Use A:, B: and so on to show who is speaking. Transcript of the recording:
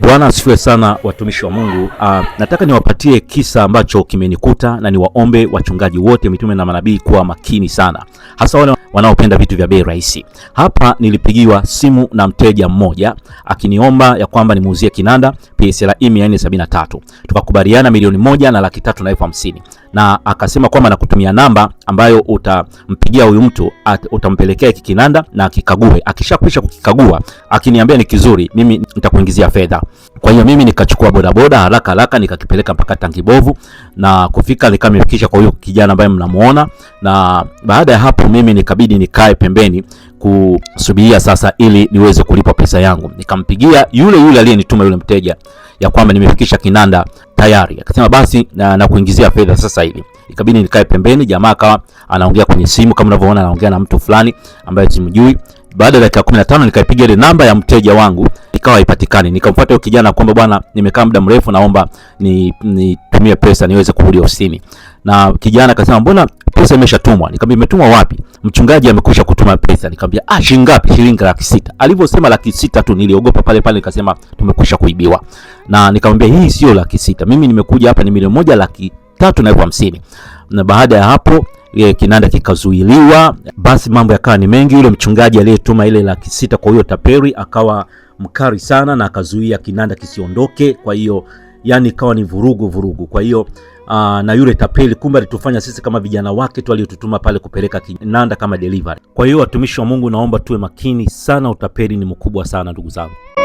A: Bwana asifiwe sana watumishi wa Mungu. Uh, nataka niwapatie kisa ambacho kimenikuta na niwaombe wachungaji wote, mitume na manabii kuwa makini sana, hasa wale wanaopenda vitu vya bei rahisi. Hapa nilipigiwa simu na mteja mmoja akiniomba ya kwamba nimuuzie kinanda PSLR 473 e tukakubaliana milioni moja na laki tatu na elfu hamsini na akasema kwamba nakutumia namba ambayo utampigia huyu mtu utampelekea hiki kinanda na akikague. Akishakwisha kukikagua akiniambia ni kizuri, mimi nitakuingizia fedha. Kwa hiyo mimi nikachukua bodaboda haraka haraka nikakipeleka mpaka Tangibovu na kufika nikamefikisha kwa huyo kijana ambaye mnamuona, na baada ya hapo mimi nikabidi nikae pembeni kusubiria sasa ili niweze kulipa pesa yangu. Nikampigia yule yule aliyenituma yule mteja ya kwamba nimefikisha Kinanda tayari, akasema basi na, na kuingizia fedha sasa hivi. Ikabidi nikae pembeni, jamaa akawa anaongea kwenye simu kama unavyoona, anaongea na mtu fulani ambaye simjui. Baada ya dakika 15 nikaipiga ile namba ya mteja wangu ikawa haipatikani. Nikamfuata huyo kijana kwamba bwana, nimekaa muda mrefu, naomba nitumie ni pesa niweze kurudi ofisini. Na kijana akasema mbona pesa imeshatumwa? Nikamwambia imetumwa wapi? Mchungaji amekwisha kutuma pesa. Nikamwambia ah, shilingi ngapi? Shilingi laki sita. Alivyosema laki sita tu niliogopa pale pale, nikasema tumekwisha kuibiwa. Na nikamwambia hii sio laki sita, mimi nimekuja hapa ni milioni moja laki tatu na elfu hamsini. Na baada ya hapo ile kinanda kikazuiliwa, basi mambo yakawa ni mengi. Yule mchungaji aliyetuma ile laki sita kwa huyo taperi akawa mkali sana na akazuia kinanda kisiondoke, kwa hiyo yani ikawa ni vurugu vurugu. Kwa hiyo aa, ah, na yule tapeli kumbe alitufanya sisi kama vijana wake tu aliyotutuma pale kupeleka kinanda kama delivery. Kwa hiyo watumishi wa Mungu, naomba tuwe makini sana, utapeli ni mkubwa sana ndugu zangu.